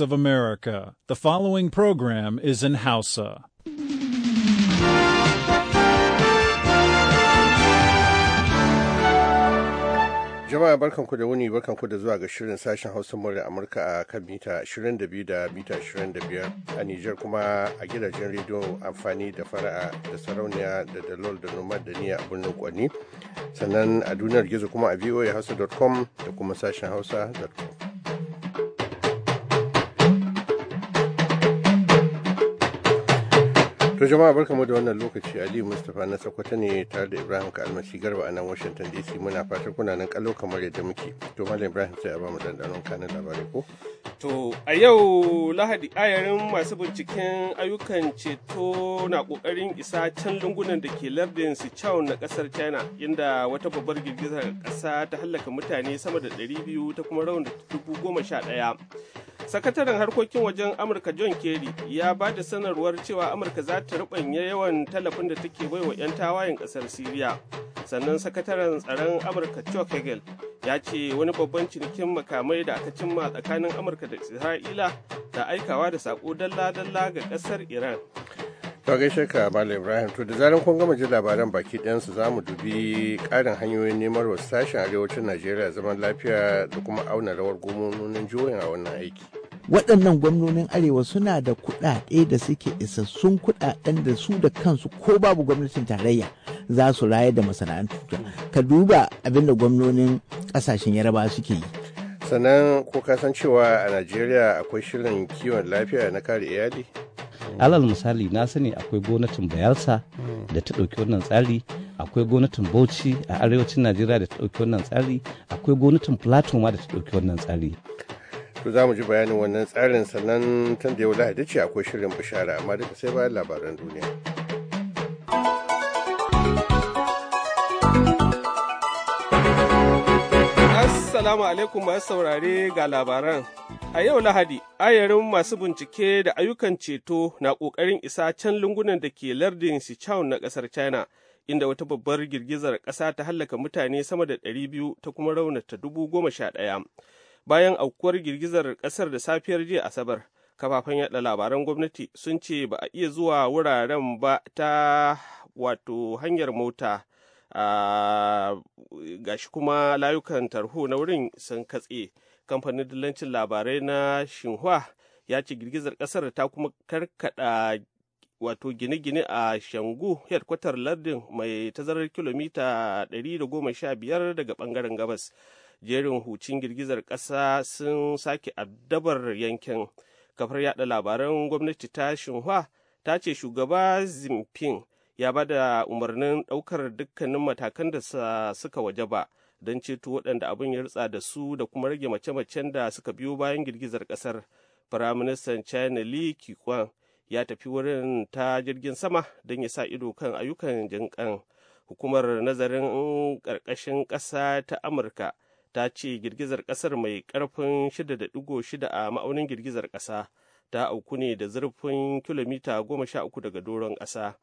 Voice of America. The following program is in Hausa. Jama'a barkanku da wuni barkanku da zuwa ga shirin sashen Hausa murya Amurka a kan mita 22 da mita 25 a Nijar kuma a gidajen rediyo amfani da fara'a da sarauniya da dalol da noma da niyya a birnin Kwani sannan a duniyar gizo kuma a voahausa.com da kuma sashen hausa.com. To jama'a barkamu da wannan lokaci Aliyu Mustapha na Sokoto ne tare da Ibrahim ka almasi Garba a nan Washington DC muna fatan kuna nan kallo kamar yadda muke. To Malam Ibrahim sai a ba mu dandanon kanin labarai ko? To a yau Lahadi ayarin masu binciken ayyukan ceto na kokarin isa can lungunan da ke lardin Sichuan na kasar China inda wata babbar girgizar kasa ta hallaka mutane sama da 200 ta kuma raunata ɗaya. sakataren harkokin wajen amurka john kerry ya ba da sanarwar cewa amurka za ta rubanya yawan tallafin da take wa 'yan tawayen kasar syria sannan sakataren tsaron amurka chuck hagel ya ce wani babban cinikin makamai da aka cimma tsakanin amurka da isra'ila da aikawa da sako dalla-dalla ga kasar iran to gaishe ka bala ibrahim to da zaran kun gama jin labaran baki ɗayansu za mu dubi ƙarin hanyoyin neman wasu sashen arewacin najeriya zaman lafiya da kuma auna rawar gomononin juyin a wannan aiki waɗannan gwamnonin arewa suna da kuɗaɗe da suke isassun kuɗaɗen da su da kansu ko babu gwamnatin tarayya za su rayar da masana'antu ka duba abin da gwamnonin ƙasashen yaraba suke yi sannan ko ka san cewa a najeriya akwai shirin kiwon lafiya na kare iyali alal misali na sani akwai gwamnatin bayelsa hmm. da ta ɗauki wannan tsari akwai gwamnatin bauchi a arewacin najeriya da ta ɗauki wannan tsari akwai gwamnatin plateau ma da ta ɗauki wannan tsari to za mu ji bayanin wannan tsarin sannan tun da yau lahadi ce akwai shirin bishara amma duka sai bayan labaran duniya Assalamu alaikum masu saurare ga labaran. A yau Lahadi, ayarin masu bincike da ayyukan ceto na ƙoƙarin isa can lungunan da ke lardin Sichuan na ƙasar China, inda wata babbar girgizar ƙasa ta hallaka mutane sama da 200 ta kuma raunata dubu goma sha ɗaya. bayan aukuwar girgizar ƙasar da safiyar jiya asabar kafafen yada labaran gwamnati sun ce ba a iya zuwa wuraren ba ta wato hanyar mota gashi kuma layukan tarho na wurin sun katse kamfanin dillancin labarai na shinhua ya ce girgizar ƙasar ta kuma karkada wato gine-gine a shangu headquarter lardin mai tazarar kilomita 115 daga bangaren gabas jerin hucin girgizar ƙasa sun sake addabar yankin kafar yada labaran gwamnati ta shinhua ta ce shugaba zinfin ya ba da umarnin ɗaukar dukkanin matakan da suka waje ba don ceto waɗanda abin ya rutsa da su da kuma rage mace-macen da suka biyo bayan girgizar ƙasar firaministan china li kikwan ya tafi wurin ta jirgin sama don ya sa ido kan ayyukan jinƙan hukumar nazarin ƙarƙashin ƙasa ta amurka ta ce girgizar ƙasar mai ƙarfin 6.6 a ma'aunin girgizar ƙasa ta auku ne da zurfin kilomita 13 daga doron ƙasa.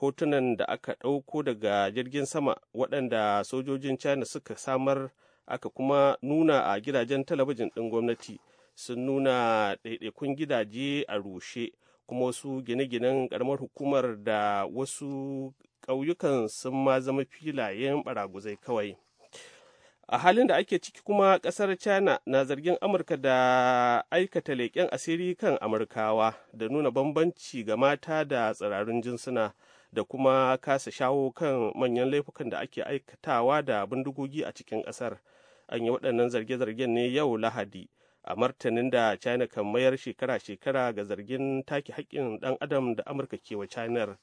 Hotunan da aka ɗauko daga jirgin sama waɗanda sojojin China suka samar aka kuma nuna a gidajen talabijin ɗin gwamnati sun nuna ɗaiɗaikun gidaje a rushe kuma wasu gine-ginen ƙaramar hukumar da wasu ƙauyukan sun ma zama filayen ɓaraguzai kawai. a halin da ake ciki kuma ƙasar china na zargin amurka da aikata leƙen asiri kan amurkawa da nuna bambanci ga mata da tsirarun jinsuna da kuma kasa shawo kan manyan laifukan da ake aikatawa da bindigogi a cikin ƙasar an yi waɗannan zarge-zargen ne yau lahadi a martanin da china kan mayar shekara-shekara ga zargin take haƙƙin ɗan adam da amurka ke wa china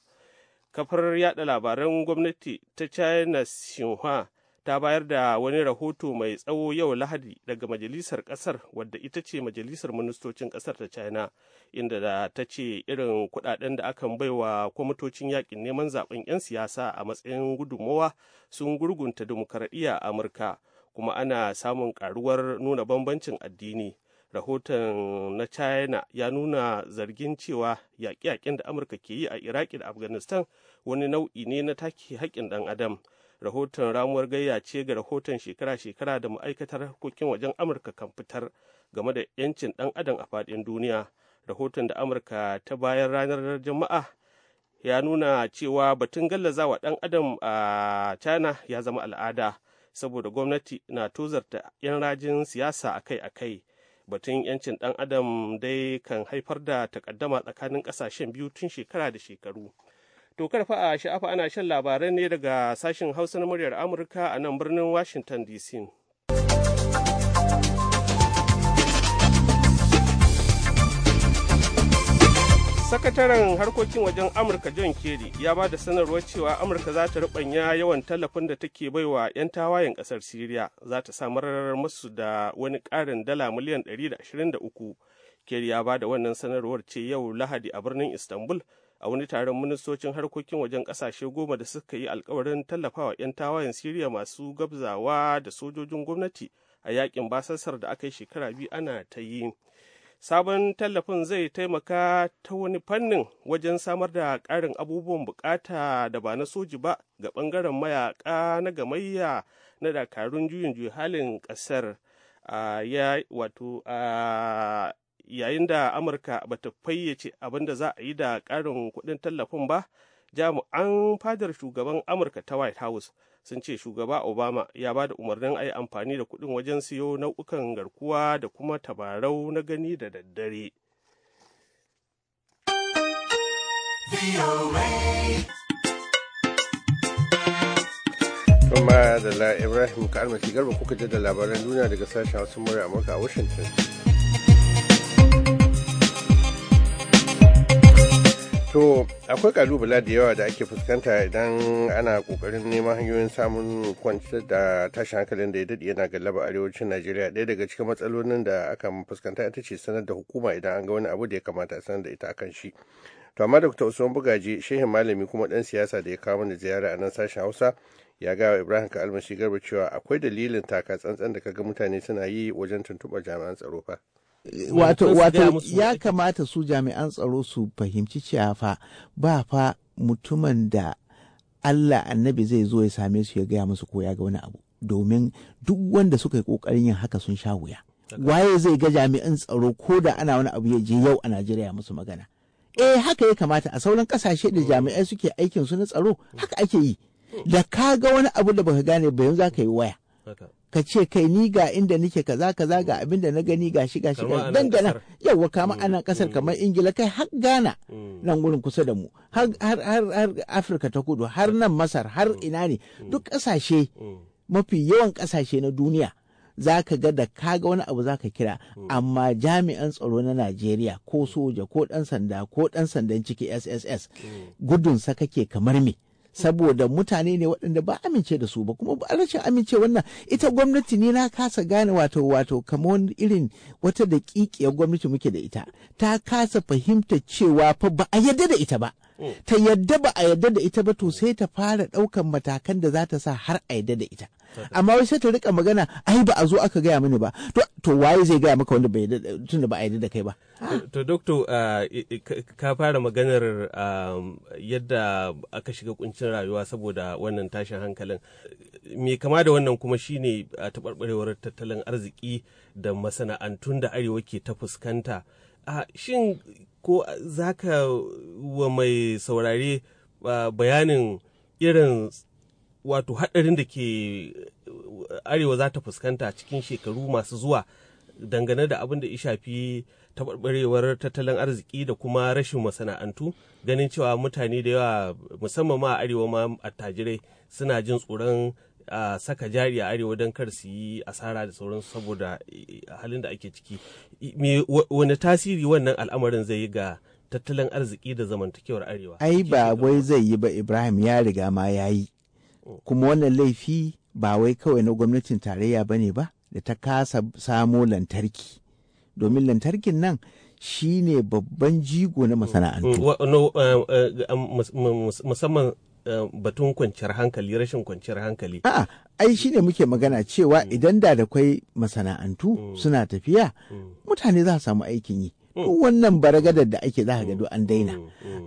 kafar yada labaran gwamnati ta china xinhua ta bayar da wani rahoto mai tsawo yau lahadi daga majalisar kasar wadda ita ce majalisar ministocin kasar ta china inda da ta ce irin kudaden da akan baiwa kwamitocin yakin neman zaben 'yan siyasa a matsayin gudummawa sun gurgunta demokaradiyya a amurka kuma ana samun karuwar nuna bambancin addini rahoton na china ya nuna zargin cewa yaƙe-yaƙen da amurka ke yi a iraki da afghanistan wani nau'i ne na take haƙƙin ɗan adam rahoton ramuwar gayya ce ga rahoton shekara-shekara da ma'aikatar harkokin wajen amurka kan fitar game da 'yancin dan adam a faɗin duniya rahoton da amurka ta bayan ranar jama'a ya nuna cewa batun gallazawa dan adam a china ya zama al'ada saboda gwamnati na tozarta 'yan rajin siyasa akai-akai batun 'yancin dan adam dai kan haifar da takaddama tsakanin ƙasashen biyu tun shekara da shekaru To karfa a sha'afa ana shan labarai ne daga sashen Hausa na muryar Amurka a nan birnin Washington DC. Sakataren harkokin wajen Amurka John Kerry ya ba da sanarwar cewa Amurka za ta rubanya yawan tallafin da take baiwa 'yan tawayen ƙasar Siriya za ta samar masu da wani ƙarin dala miliyan 123. Kerry ya ba da wannan sanarwar ce yau Lahadi a birnin Istanbul a wani taron ministocin harkokin wajen ƙasashe goma da suka yi alkawarin tallafawa 'yan tawayen siriya masu gabzawa da sojojin gwamnati a yakin basassar da aka yi shekara biyu ana ta yi sabon tallafin zai taimaka ta wani fannin wajen samar da ƙarin abubuwan bukata da ba na soji ba ga bangaren mayaƙa na gamayya na dakarun juyin juyi halin ƙasar ya wato yayin da amurka ba ta fayyace abin da za a yi da ƙarin kuɗin tallafin ba jami'an fadar shugaban amurka ta white house sun ce shugaba obama ya ba da umarnin a yi amfani da kuɗin wajen siyo nau'ukan garkuwa da kuma tabarau na gani da daddare kuma da ibrahim ka garba kuka je da labaran duniya daga sashen wasu murya amurka a washington To akwai kalubala da yawa da ake fuskanta idan ana kokarin neman hanyoyin samun kwantar da tashin hankalin da ya dade yana galaba arewacin Najeriya daya daga cikin matsalolin da aka fuskanta ita ce sanar da hukuma idan an ga wani abu da ya kamata a sanar da ita akan shi. To amma Dr. Usman Bugaje shehin malami kuma ɗan siyasa da ya kawo mana ziyara a nan sashen Hausa ya gawa Ibrahim ka Ka'almashi Garba cewa akwai dalilin taka tsantsan da kaga mutane suna yi wajen tuntuɓar jami'an tsaro fa. wato wato ya kamata su jami'an tsaro su fahimci cewa fa ba fa mutumin da Allah annabi zai zo ya same su ya gaya musu ko ya ga wani abu domin duk wanda suka yi kokarin yin haka sun sha wuya waye zai ga jami'an tsaro ko da ana wani abu ya je yau a Najeriya musu magana eh haka ya kamata a sauran kasashe da jami'ai suke aikin su na tsaro haka ake yi da ka ga wani abu da baka gane ba yanzu ka yi waya ka ce kai ni ga inda nake kaza kaza ga abin da na gani gashi gashi dangana yauwa kama anan mm, kasar mm. kamar ingila kai har gana mm. nan wurin kusa da mu har afirka ta kudu har nan masar har ina ne duk kasashe mafi yawan kasashe na duniya za ka ga da kaga wani abu za ka kira amma jami'an tsaro na najeriya ko soja ko dan sanda ko dan sandan ciki sss gudun sa kake kamar me saboda mutane ne waɗanda ba amince da su ba kuma ba rashin amince wannan ita gwamnati ne na kasa gane wato wato kamar wani irin wata ya gwamnati muke da ita ta kasa fahimta cewa fa ba a yadda da ita ba mm. ta yadda ba a yadda da ita ba to sai ta fara ɗaukan matakan da za ta sa har a yadda da ita amma wai sai ta rika magana ai ba a zo aka gaya mini ba to waye zai gaya maka wanda bai tunda ba a yi da kai ba to doctor uh, ka fara maganar um, yadda aka shiga kuncin rayuwa saboda wannan tashin hankalin mai kama da wannan kuma shine a uh, taɓarɓarewar tattalin arziki da masana'antun da arewa ke ta fuskanta shin ko za ka wa mai saurare uh, bayanin irin wato haɗarin da ke eh, arewa za ta fuskanta cikin shekaru masu zuwa dangane da abin da ya shafi taɓarɓarewar tattalin arziki da kuma rashin masana'antu ganin cewa mutane da yawa musamman ma arewa ma attajirai suna jin tsoron a saka jari a arewa don kar su yi asara da sauran saboda eh, halin da ake ciki wani tasiri wannan al'amarin zai yi ga tattalin arziki da zamantakewar arewa ai ba wai zai yi ba ibrahim ya riga ma ya yi kuma wannan laifi ba wai kawai na gwamnatin tarayya ba ne ba da ta kasa samo lantarki domin lantarkin nan shi ne babban jigo na masana'antu musamman batun kwanciyar hankali rashin kwanciyar hankali a'a ai shi ne muke magana cewa mm. idan da da kwai masana'antu mm. suna tafiya mm. mutane za su samu aikin yi wannan baragadar da ake za ga an daina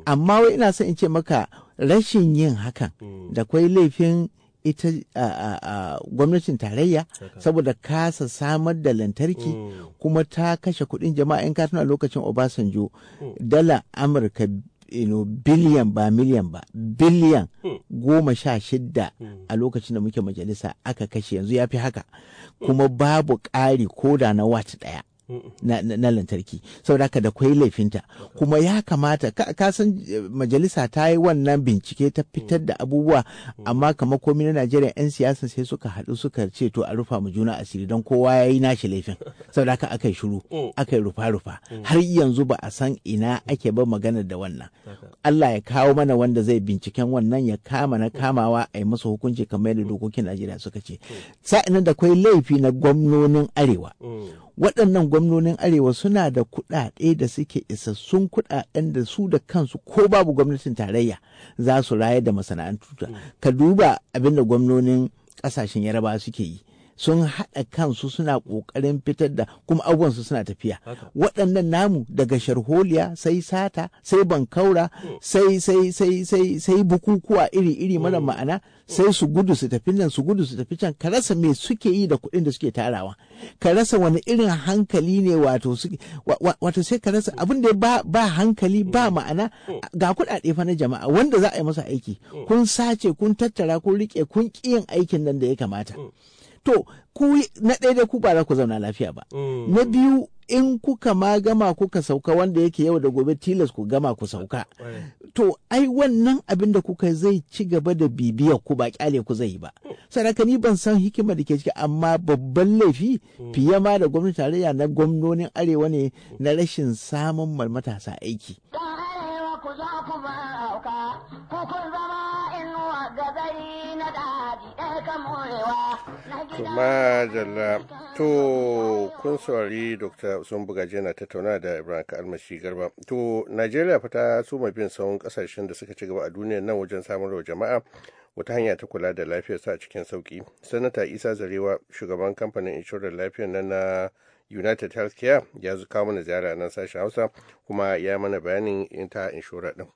amma wai ina son in ce maka rashin yin hakan da kwai laifin ita gwamnatin tarayya saboda kasa samar da lantarki mm. kuma ta kashe kudin jama'a in katuna lokacin obasanjo mm. dala amurka biliyan ba miliyan ba biliyan mm. goma sha shidda a lokacin da muke majalisa aka kashe yanzu ya fi haka kuma babu ƙari koda na wat ɗaya na lantarki saboda haka da kwai laifinta kuma ya kamata ka san eh, majalisa ta yi wannan bincike ta fitar da abubuwa amma kamar komi na najeriya 'yan siyasa sai suka haɗu suka ce to a rufa mu juna asiri don kowa ya yi nashi laifin saboda haka aka yi shiru aka yi rufa-rufa har yanzu ba a san ina ake ba magana da wannan allah ya kawo mana wanda zai binciken wannan ya kama na kamawa a yi masa hukunci kamar yadda dokokin najeriya suka ce sa'in da kwai laifi na gwamnonin arewa waɗannan gwamnonin arewa suna da kuɗaɗe da suke isassun kuɗaɗen da su da kansu ko babu gwamnatin tarayya za su raye da masana'antu mm. ka duba abin da gwamnonin ƙasashen yaraba suke yi sun haɗa kansu suna ƙoƙarin fitar da kuma abubuwansu suna tafiya waɗannan namu daga sharholiya sai sata sai bankaura mm. sai sai sai sai sai bukukuwa iri iri mara mm. ma'ana sai su gudu su tafi nan su gudu su tafi can ka rasa me suke yi da kuɗin da suke tarawa ka rasa wani irin hankali ne wato wato sai ka rasa abin da ba ba hankali ba mm. ma'ana mm. ga kuɗaɗe fa na jama'a wanda za a yi masa aiki mm. kun sace kun tattara kun rike kun yin aikin nan da ya kamata to ku na ɗaya da ku ba za ku zauna lafiya ba na biyu in kuka ma gama kuka sauka wanda yake yau da gobe tilas ku gama ku sauka to ai wannan abin da kuka zai ci gaba da bibiyar ku ba kyale ku zai ba saraka ni ban san hikima da ke ciki amma babban laifi fiye ma da gwamnati tarayya na gwamnonin arewa ne na rashin samun matasa aiki ku za ku ba ku kun zama inuwa da jalla to kun saurari Dr. Usman Bugaje na tattauna da Ibrahim Almasi Garba. To Najeriya fa ta soma bin sauran kasashen da suka ci gaba a duniya nan wajen samarwa jama'a wata hanya ta kula da lafiyar su a cikin sauki. Sanata Isa Zarewa shugaban kamfanin inshorar lafiyar nan na United Healthcare ya kawo mana ziyara nan sashen Hausa kuma ya mana bayanin ita inshorar din.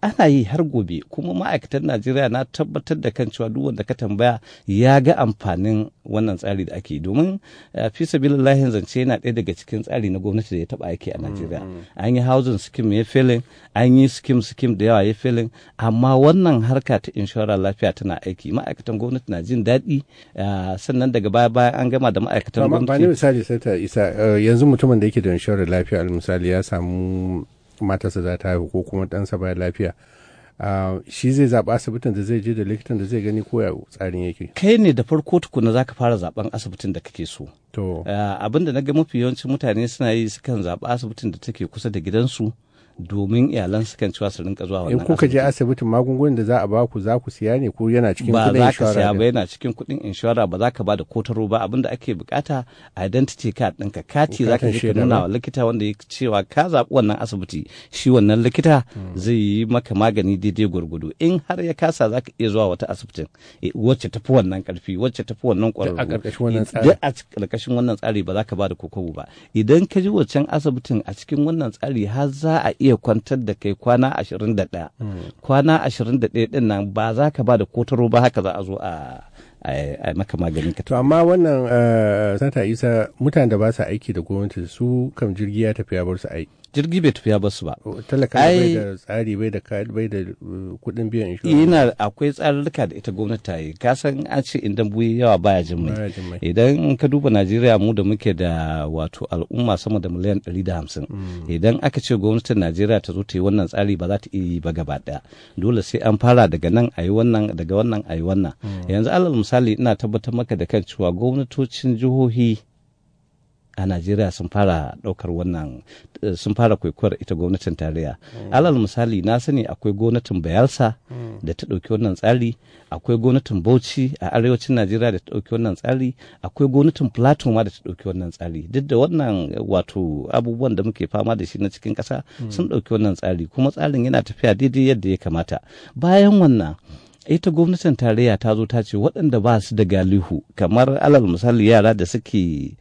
ana yi har gobe kuma ma'aikatan najeriya na tabbatar da kan cewa duk wanda ka tambaya ya ga amfanin wannan tsari da ake domin eh, fi sabilillahi zance yana ɗaya daga cikin tsari na gwamnati da ya taɓa aiki a najeriya mm-hmm. an yi housing scheme ya filin an yi scheme scheme da yawa ya filin amma wannan harka ta inshora lafiya tana aiki ma'aikatan gwamnati na jin daɗi eh, sannan daga baya bayan an gama da ma'aikatan gwamnati misali sai ta isa eh, yanzu mutumin da yake da inshorar lafiya misali ya samu matarsa za ta haihu ko kuma ɗansa baya lafiya ah, shi zai zaɓi asibitin da zai je da likitan da zai gani ko ya tsarin yake kai ne da farko tukuna ka fara zaɓen asibitin da kake so to ah, abin da na ga mafi yawancin mutane suna yi sukan zaɓi asibitin da take kusa da gidansu domin iyalan su kan cewa su rinka zuwa wannan asibiti. in kuka je asibitin magungunan da za a ba ku za ku siya ne ko yana cikin kuɗin inshora ba za ka siya ba yana cikin kuɗin inshora ba za ka ba da kotaro ba abin da ake bukata identity card ɗinka kati za ka je nuna wa likita wanda ya cewa ka zaɓi wannan asibiti shi wannan likita hmm. zai yi maka magani daidai gwargwado in har ya kasa za ka iya zuwa wata asibitin eh, wacce tafi wannan karfi wacce tafi wannan ƙwararru duk a ƙarƙashin wannan tsari ba za ka ba da kokobo ba idan ka ji wancan asibitin a cikin wannan tsari har za a iya iya kwantar da kai kwana 21 hmm. kwana 21 din nan ba za ka ba da kotaro ba haka za a zo a a maka magani ka amma wannan eh, sata isa mutane da ba su aiki da gwamnati su kan jirgi ya tafi ya bar su aiki jirgi bai tafiya ba su oh, ba. Talaka bai da tsari bai da bai da uh, kuɗin biyan inshora. Ina akwai tsarurruka da ita gwamnati ta yi. Ka san an ce in dambu yawa baya jin mai. Idan ka duba Najeriya mu da muke da wato al'umma sama da miliyan ɗari da hamsin. Mm. Idan aka ce gwamnatin Najeriya ta zo ta yi wannan tsari ba za ta iya yi ba gaba ɗaya. Dole sai an fara daga nan a yi wannan daga wannan a yi wannan. Mm. Yanzu alal misali ina tabbatar maka da kan cewa gwamnatocin jihohi a najeriya sun fara ɗaukar wannan sun fara kwaikwayar ita gwamnatin tarayya alal misali na sani akwai gwamnatin bayelsa da ta ɗauki wannan tsari akwai gwamnatin bauchi a arewacin najeriya da ta ɗauki wannan tsari akwai gwamnatin plateau ma da ta ɗauki wannan tsari duk da wannan wato abubuwan da muke fama da shi na cikin ƙasa sun ɗauki wannan tsari kuma tsarin yana tafiya daidai yadda ya kamata bayan wannan ita gwamnatin tarayya ta zo ta ce waɗanda ba su da galihu kamar alal misali yara da suke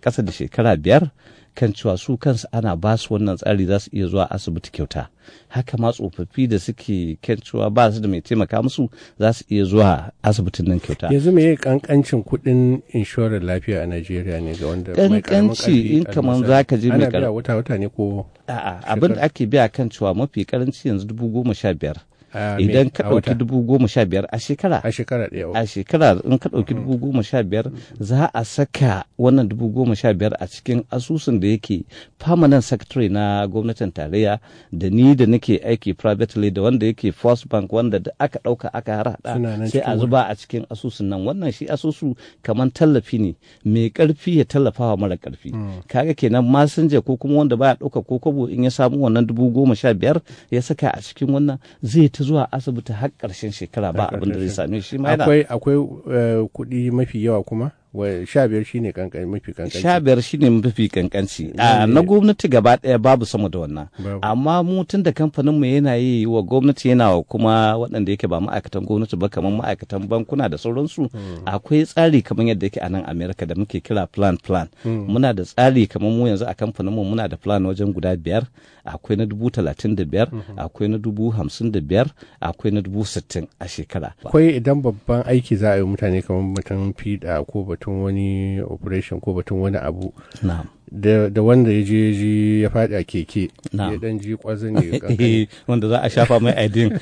ƙasa da shekara biyar kan cewa su kansu ana ba su wannan tsari za su iya zuwa asibiti kyauta haka ma tsofaffi da suke kan cewa ba su da mai taimaka musu za su iya zuwa asibitin nan kyauta yanzu me kankancin kuɗin inshorar lafiya a Najeriya ne ga wanda kankanci in kaman za ka je mai wata wata ne ko a'a abin da ake biya kan cewa mafi karanci yanzu dubu goma sha biyar idan ka ɗauki dubu goma sha biyar a shekara a shekara ɗaya oh. a shekara in ka ɗauki dubu goma sha biyar za a saka wannan dubu goma sha biyar a cikin asusun da yake permanent secretary na gwamnatin tarayya da ni da nake aiki privately da wanda yake first bank wanda da aka ɗauka aka harhaɗa sai a zuba a cikin asusun nan wannan shi asusu kamar tallafi ne mai ƙarfi ya tallafawa mara ƙarfi hmm. kaga kenan masinja ko kuma wanda baya ɗauka ko kobo in ya samu wannan dubu goma sha biyar ya saka a cikin wannan zai ta zuwa asibiti har ƙarshen shekara ba abin da zai same shi ma akwai akwai eh, kuɗi mafi yawa kuma sha biyar shine mafi kankanci shine mafi ah, kankanci na gwamnati gaba daya babu sama da wannan amma mu tun da kamfanin mu yana yi wa gwamnati yana wa kuma waɗanda yake ba ma'aikatan gwamnati ba kamar ma'aikatan bankuna da sauransu hmm. akwai tsari kamar yadda yake a nan America da muke kira plan plan hmm. muna da tsari kamar mu yanzu a kamfanin mu muna da plan wajen guda biyar akwai na dubu talatin da biyar hmm. akwai na dubu hamsin da biyar akwai na dubu sittin a shekara akwai idan babban aiki za a yi mutane kamar mutum fiɗa ah, ko batun. batun wani operation ko batun wani abu da wanda ya je ji ya fada keke ya dan ji kwazo ne wanda za a shafa mai aidin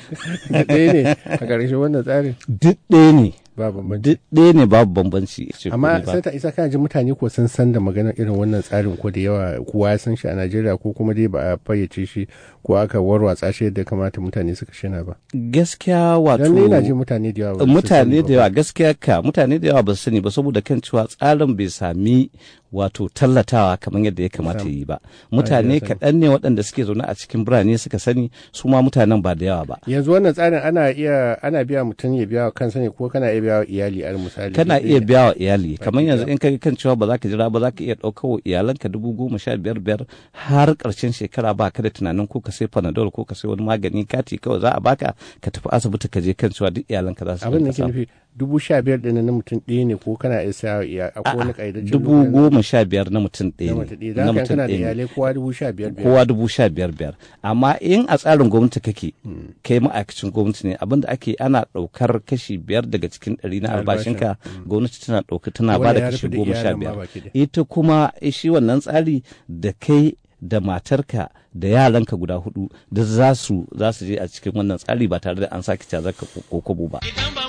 duk ɗaya ne a ƙarshe wannan tsarin duk ɗaya ne ba bambanci ɗaya ne babu bambanci amma sai ta isa kana ji mutane ko sun san da magana irin wannan tsarin ko da yawa kowa ya san shi a Najeriya ko kuma dai ba a fayyace shi ko aka warwatsa shi yadda kamata mutane suka shina ba gaskiya wato dan ina ji mutane da yawa mutane da yawa gaskiya ka mutane da yawa ba su sani ba saboda kan cewa tsarin bai sami wato tallatawa kamar yadda ya kamata yi ba mutane kaɗan ne waɗanda suke zaune a cikin birane suka sani su ma mutanen ba da yawa ba yanzu wannan tsarin ana iya ana biya mutum ya biya kan sani ko kana iya biya wa iyali a misali kana iya biya wa iyali kamar yanzu in kai kan cewa ba za ka jira ba za ka iya ɗaukar wa iyalanka dubu goma sha biyar biyar har ƙarshen shekara ba ka da tunanin ko ka sai panadol ko ka sai wani magani kati kawai za a baka ka tafi asibiti ka je kan cewa duk iyalanka za su abin da nufi dubu sha biyar ɗin na mutum ɗaya ne ko kana isa a akwai wani ƙaidajin dubu goma sha biyar na mutum ɗaya ne na mutum ɗaya ne kowa dubu sha biyar kowa dubu sha biyar biyar amma in a tsarin gwamnati kake hmm. kai ma'aikacin gwamnati ne abinda ake ana ɗaukar kashi biyar daga cikin ɗari na albashinka hmm. gwamnati tana ɗauka tana ba da kashi goma sha biyar ita kuma eh, shi wannan tsari da kai da matarka da yaranka guda hudu da za su je a cikin wannan tsari ba tare da an sake zaka ko kobo ba. Idan ba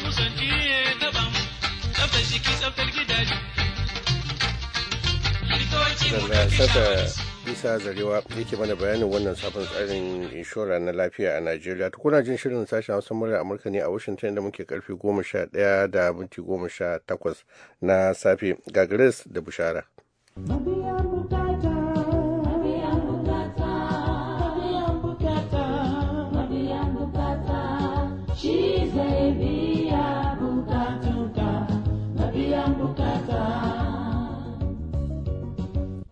madalla saka isa zarewa yake mana bayanin wannan sabon tsarin inshora na lafiya a najeriya kuna jin shirin sashen hausa murya amurka ne a washington da muke karfe goma sha ɗaya da minti goma sha takwas na safe ga grace da bushara.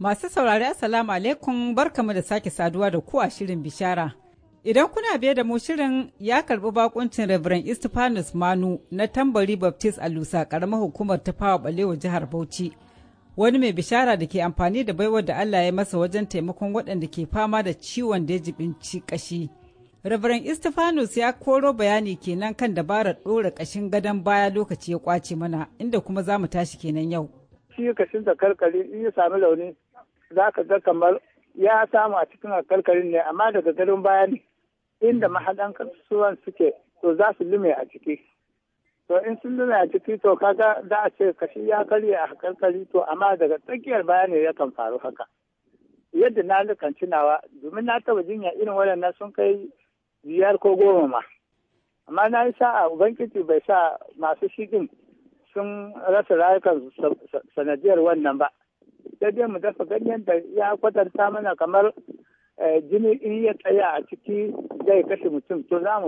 Masu saurari Assalamu alaikum barkamu da sake saduwa da ku shirin bishara. Idan kuna biye da mu shirin ya karbi bakuncin Reverend istifanus Manu na tambari Baptist a Lusa karamar hukumar ta fawa balewa jihar Bauchi. Wani mai bishara da ke amfani da baiwar da Allah ya masa wajen taimakon waɗanda ke fama da ciwon da jibinci kashi. Reverend istifanus ya koro bayani kenan kan dabarar ɗora ƙashin gadon baya lokaci ya kwace mana inda kuma za mu tashi kenan yau. Shi kashin da karkari in ya sami launi za ka ga kamar ya samu a cikin alkalkarin ne amma daga garin bayan inda hmm. mahaɗan kasuwan suke to za su lume a ciki to in sun lume a ciki to kaga za a ce kashi ya karye a alkalkari to amma daga tsakiyar baya ne yakan faru haka yadda na lukan tunawa domin na taɓa jinya irin waɗannan sun kai biyar ko goma ma amma na yi sa'a ubangiji bai sa masu shigin sun rasa rayukan sanadiyar wannan ba sai dai mu dafa ganyen da ya kwatanta mana kamar eh, jini in ya tsaya a ciki zai kashe mutum to za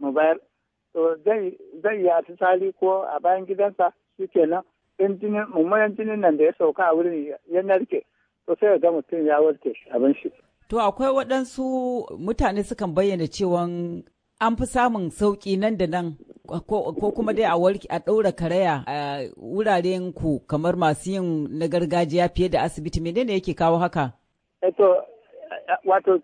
mu bayar to zai ya fitsari ko a bayan gidansa shi kenan in jinin mummunan jinin nan da ya sauka a wurin ya narke to sai ga mutum ya warke abin shi. To akwai waɗansu mutane sukan bayyana cewa an fi samun sauƙi nan da nan ko kuma dai a ɗaura karaya a wuraren ku kamar masu yin na gargajiya fiye da asibiti menene yake kawo haka? Eto, eh, wato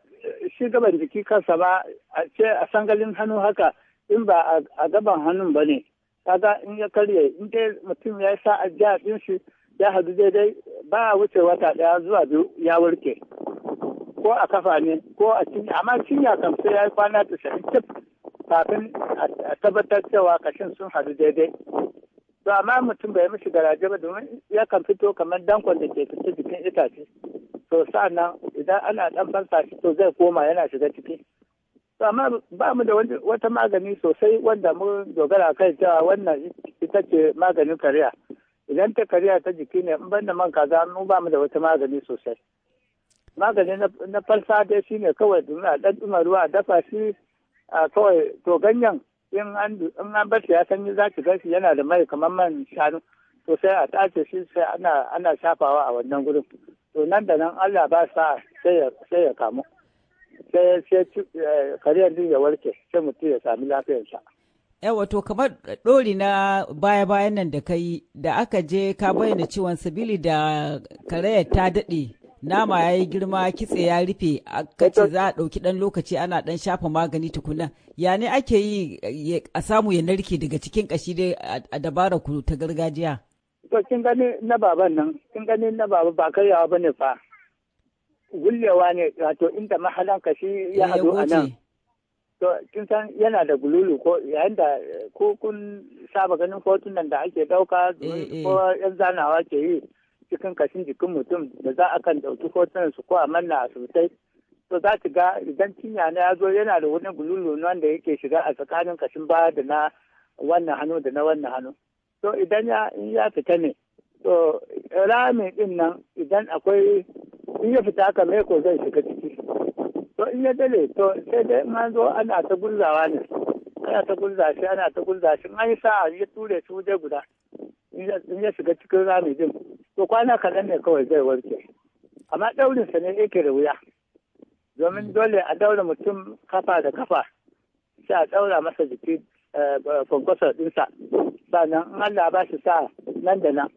shi gaban jiki kansa ba a ce a sangalin hannu haka in ba a gaban hannun ba ne kaga in ya karye in dai mutum ya sa a jihar shi ya hadu daidai ba a wuce wata ɗaya zuwa biyu ya warke ko a kafa ne ko a cinya amma cinya kam sai ya yi kwana ta shafi cif kafin a tabbatar cewa kashin sun haɗu daidai to amma mutum bai mishi garaje ba domin ya kan fito kamar dankon da ke fita jikin itace to sa'annan idan ana dan fansa shi to zai koma yana shiga ciki to amma ba mu da wata magani sosai wanda mu dogara kai cewa wannan ita ce maganin kariya idan ta kariya ta jiki ne in banda man kaza mu ba mu da wata magani sosai magani na falsa dai shine kawai domin a ɗan ɗuma ruwa a dafa shi kawai to ganyen in an bar shi ya sanyi za ki gan shi yana da mai kamar man shanu to sai a tace shi sai ana shafawa a wannan gurin to nan da nan Allah ba sa sai ya kamu sai sai eh, kariyar din ya warke sai mutum ya sami lafiyarsa yawa to kamar ɗori na baya-bayan nan da yi da aka je ka bayyana ciwon sabili da karayar ta daɗe nama ya yi girma kitse ya rufe a ce za a ɗauki ɗan lokaci ana ɗan shafa magani tukuna ya ne ake yi a samu ya narke daga cikin ƙashi dai a dabara ku ta gargajiya. to kin gani na baban nan kin gani na baba ba karyawa ne fa gullewa ne wato inda mahalan kashi ya eh, hadu a nan to kin san yana da gululu ko yayin da ko kun saba ganin hotunan da ake ɗauka eh, eh. ko yan zanawa ke yi cikin kashin jikin mutum da za a kan ɗauki hotunan su ko a manna a sosai to za ki ga idan cinya na ya zo yana da wani gululu wanda yake shiga a tsakanin kashin baya da na wannan hannu da na wannan hannu to idan ya in ya fita ne to rami din nan idan akwai in ya fita haka me ko zai shiga ciki to in ya dale to sai dai ma zo ana ta gurzawa ne ana ta gurza shi ana ta gurza shi an yi sa'a ya ture shi waje guda in ya shiga cikin rami din to kwana kaɗan ne kawai zai warke amma sa ne yake da wuya domin dole a daura mutum kafa da kafa sai a ɗaura masa jiki eh, kwankwasar ɗinsa sannan in Allah ba shi sa nan da nan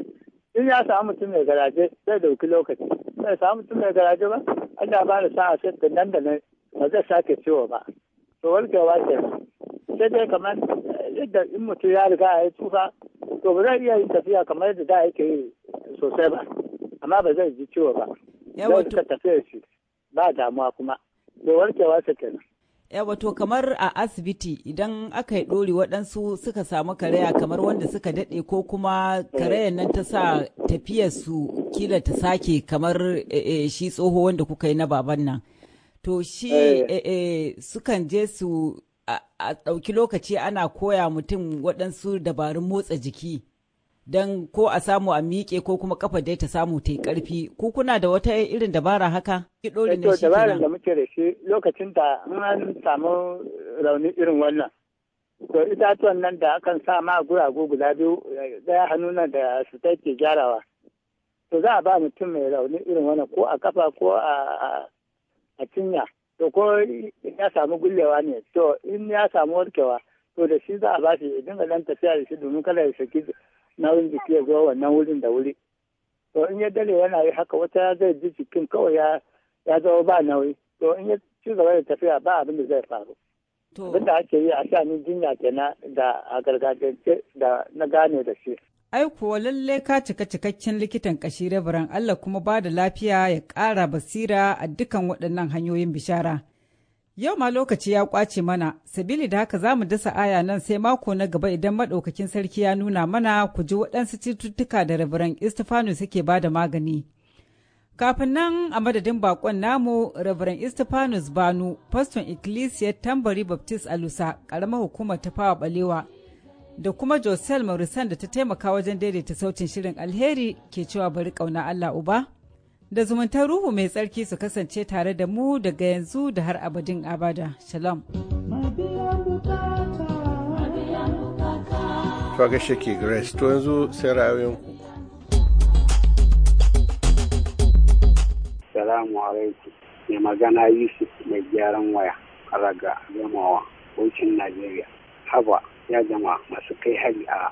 in ya samu mutum mai garaje zai dauki lokaci zai samu mutum mai garaje ba Allah ba da sa'a sai da nan da nan ba zai sake ciwo ba to warkewa ke sai dai kamar eh, yadda in mutum ya riga ya tufa to ba zai iya yin tafiya kamar yadda da yake yi sosai ba amma ba zai ji ciwo ba yawa tafiya shi ba damuwa kuma warkewa ta kenan yawa to kamar a asibiti idan aka yi dori waɗansu suka samu karaya kamar wanda suka daɗe ko kuma karayan nan ta sa tafiyar su kila ta sake kamar eh, eh, shi tsoho wanda kuka yi na baban nan to shi eh. sukan je su a ɗauki lokaci ana koya mutum waɗansu dabarun motsa jiki don ko a samu a miƙe ko kuma kafa dai ta samu ta yi ƙarfi Ko kuna da wata irin dabara haka ki dole eh, ne shi dabara da muke da shi lokacin da an samu rauni irin wannan to itatuwan nan da akan sa ma guragu guda biyu daya hannu na da su take gyarawa to za a ba mutum mai rauni irin wannan ko a kafa ko a cinya to ko ya samu gullewa ne to in ya samu warkewa to da shi za a ba shi idan dinga dan tafiya da shi domin kada ya saki nauyin jiki ya zuwa wannan wurin da wuri to in ya dare yana yi haka wata zai ji jikin kawai ya ya zama ba nauyi to in ya ci gaba da tafiya ba abin da zai faru abin da ake yi a sha ni jinya na da a gargajiyance da na gane da shi ai kuwa lalle ka cika cikakken likitan kashi rabaran Allah kuma ba da lafiya ya kara basira a dukkan waɗannan hanyoyin bishara. Yau ma lokaci ya kwace mana, sabili da haka za mu dasa aya nan sai mako na gaba idan maɗaukakin sarki ya nuna mana ku ji waɗansu cututtuka da rabiran Istifanu suke ba da magani. Kafin nan a madadin bakon namu rabiran Istifanu Banu, faston ikilisiyar Tambari Baptist Alusa, ƙaramar hukumar ta fawa ɓalewa, da kuma Josel Maurisan da ta taimaka wajen daidaita sautin shirin alheri ke cewa bari ƙauna Allah Uba, da zumuntar ruhu mai tsarki su kasance tare da mu daga yanzu da har abadin abada shalom to shake grace to yanzu sai ku. salamu alaikum mai magana yusuf mai gyaran waya raga gamawa wakilin najeriya haba ya jama masu kai hari a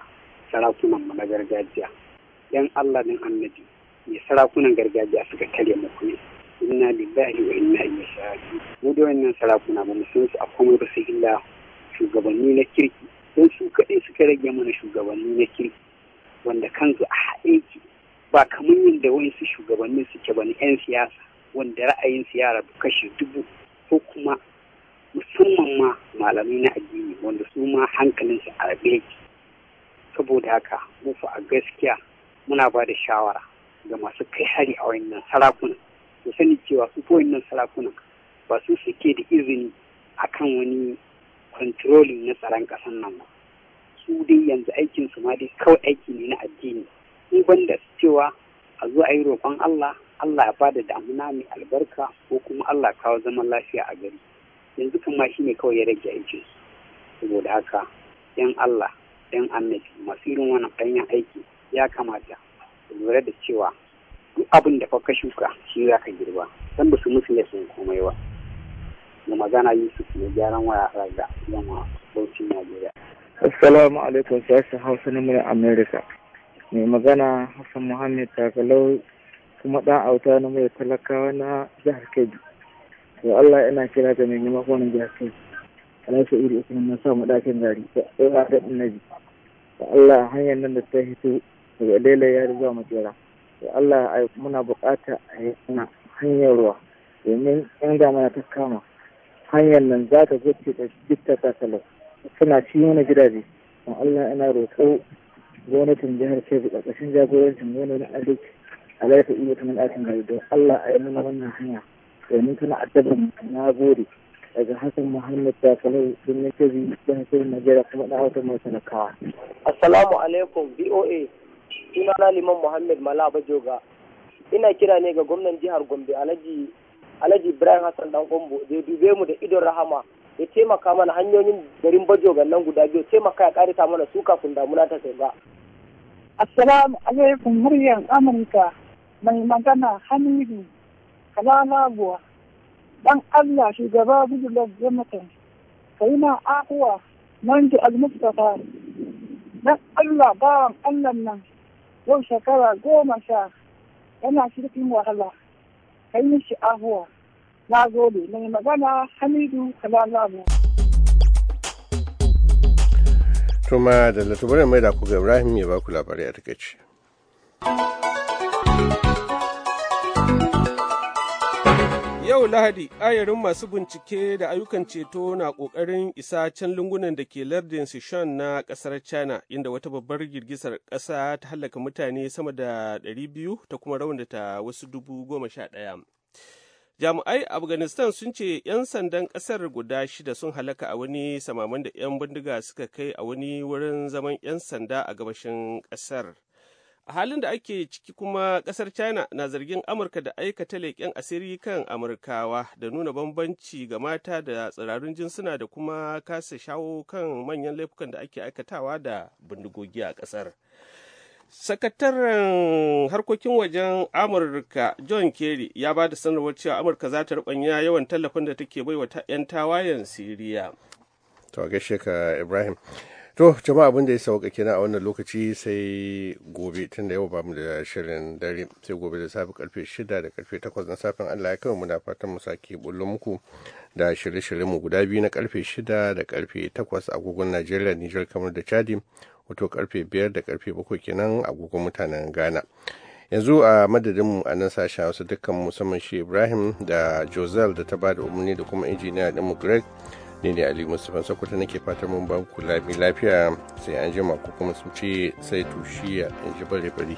sarakunan na gargajiya yan allah din annabi sarakunan gargajiya suka tare mu kuma inna lillahi wa inna ilaihi raji'un mu da wannan sarakuna ba mu san su a komai ba sai illa shugabanni na kirki don su kaɗai suka rage mana shugabanni na kirki wanda kansu a haɗe ki ba kamar yadda wayansu shugabanni suke ba na 'yan siyasa wanda ra'ayin su ya rabu kashi dubu ko kuma musamman ma malamai na addini wanda su ma hankalinsu a rabe saboda haka mu fa a gaskiya muna ba da shawara ga masu kai hari a wayannan sarakuna su sani cewa su wannan sarakuna ba su suke da izini a kan wani kontrolin na tsaron ƙasan nan ba su dai yanzu aikin su ma dai kawai aiki ne na addini ni banda cewa a zo a yi roƙon Allah Allah ya bada damuna mai albarka ko kuma Allah kawo zaman lafiya a gari yanzu kan ma ne kawai ya rage aikin saboda haka yan Allah yan annabi masu irin wannan ɗanyen aiki ya kamata lura da cewa duk abin da ka shuka shi za ka girba don ba su musu ne sun komai ba da magana yusuf ne gyaran waya a raga yamma bauchi najeriya assalamu alaikum sashen hausa na mai Amerika. mai magana hassan muhammad tagalau kuma ɗan auta na mai talakawa na jihar kebbi to allah yana kira ga mai neman kwanan jihar kebbi ana iri uku na samu maɗakin gari da ɗora da annabi da allah hanyar nan da ta hito daga daidai ya zuwa makera to Allah muna bukata a yi hanyar ruwa domin in mana ta kama hanyar nan za ta ta da ta kasalar suna ci mana gidaje don Allah ina roƙo gwamnatin jihar Kebbi ƙarƙashin jagorancin gwamnatin Alik Alaifa Iya ta min ɗakin gari don Allah a yi mana wannan hanya domin tana addabar na gode daga Hassan Muhammad Tafalau don na Kebbi na na Najeriya kuma ɗan hautar mai talakawa. Assalamu alaikum BOA. na liman muhammed malaba joga ina kira ne ga gwamnan jihar gombe alhaji alhaji ibrahim hassan dan gombo da dube mu da idon rahama ya taimaka mana hanyoyin garin bajoga nan guda biyu taimaka ya karita mana su kafin damuna ta ba assalamu alaikum muryar amurka mai magana hamidu buwa dan allah shugaba bujular jamatan ka yi na akuwa nan ji almustafa dan allah bawan allah nan yau shekara goma sha yana shirkin wahala kai mishi ahuwa na zo ne mai magana hamidu kalalabu tuma da latubarin mai da ku ga ibrahim ya baku labarai a takaice. Lahadi, ayarin masu bincike da ayyukan ceto na ƙoƙarin isa can lungunan da ke lardin Sichuan na ƙasar China, inda wata babbar girgizar ƙasa ta hallaka mutane sama da 200 ta kuma raunata wasu dubu goma sha ɗaya. Jami'ai Afghanistan sun ce 'yan sandan ƙasar guda shida sun halaka a wani samaman da 'yan bindiga suka kai a wani wurin zaman 'yan sanda a gabashin ƙasar. a halin da ake ciki kuma kasar china na zargin amurka da aikata leƙen asiri kan amurkawa da nuna bambanci ga mata da tsirarun jinsuna da kuma kasa shawo kan manyan laifukan da ake aikatawa da bindigogi a kasar sakataren harkokin wajen amurka john kerry ya ba da sanarwar cewa amurka za ta rubanya yawan tallafin da take baiwa 'yan tawayen siriya to ibrahim to jama'a abin da ya sauka kina a wannan lokaci sai gobe tun da yau ba mu da shirin dare sai gobe da safe karfe 6 da karfe 8 na safin Allah ya kawo muna fatan mu sake bullo muku da shirye-shiryen mu guda biyu na karfe 6 da karfe 8 agogon Najeriya Niger kamar da Chadi wato karfe 5 da karfe 7 kenan agogon mutanen Ghana yanzu a madadin mu a nan sashen wasu dukkan musamman shi Ibrahim da Josel da ta bada umarni da kuma injiniya din mu Greg ne ne ali musamman sakwata nake fatan mun ba ku lafiya sai an jima ko kuma su ce sai tushiya in ji bare-bare